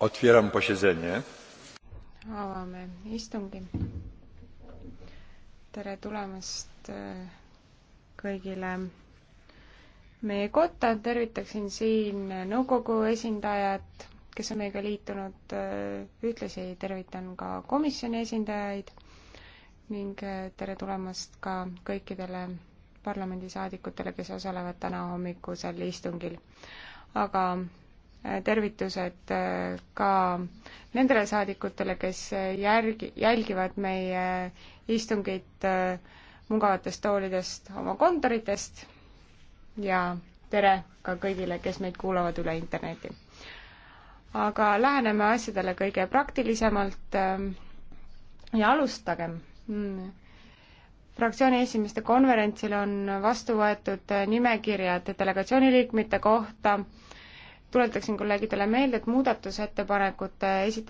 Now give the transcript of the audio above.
Otwieram posiedzenie. Avame istungi. Tere tulemast e, kõigile meie kotta. Tervitaksin siin nõukogu esindajat, kes on meiega liitunud. E, ühtlasi tervitan ka komisjoni esindajaid ning e, tere tulemast ka kõikidele parlamendisaadikutele, kes osalevad täna hommikusel istungil. aga Äh, tervitused äh, ka nendele saadikutele, kes äh, järgi, jälgivad meie istungit mugavatest toolidest oma kontoritest ja tere ka kõigile, kes meid kuulavad üle interneti. aga läheneme asjadele kõige praktilisemalt ja alustagem mm fraktsiooni esimeeste konverentsil on vastu võetud nimekirjad delegatsiooni liikmete kohta tuletaksin kolleegidele meelde, et muudatusettepanekute esitamise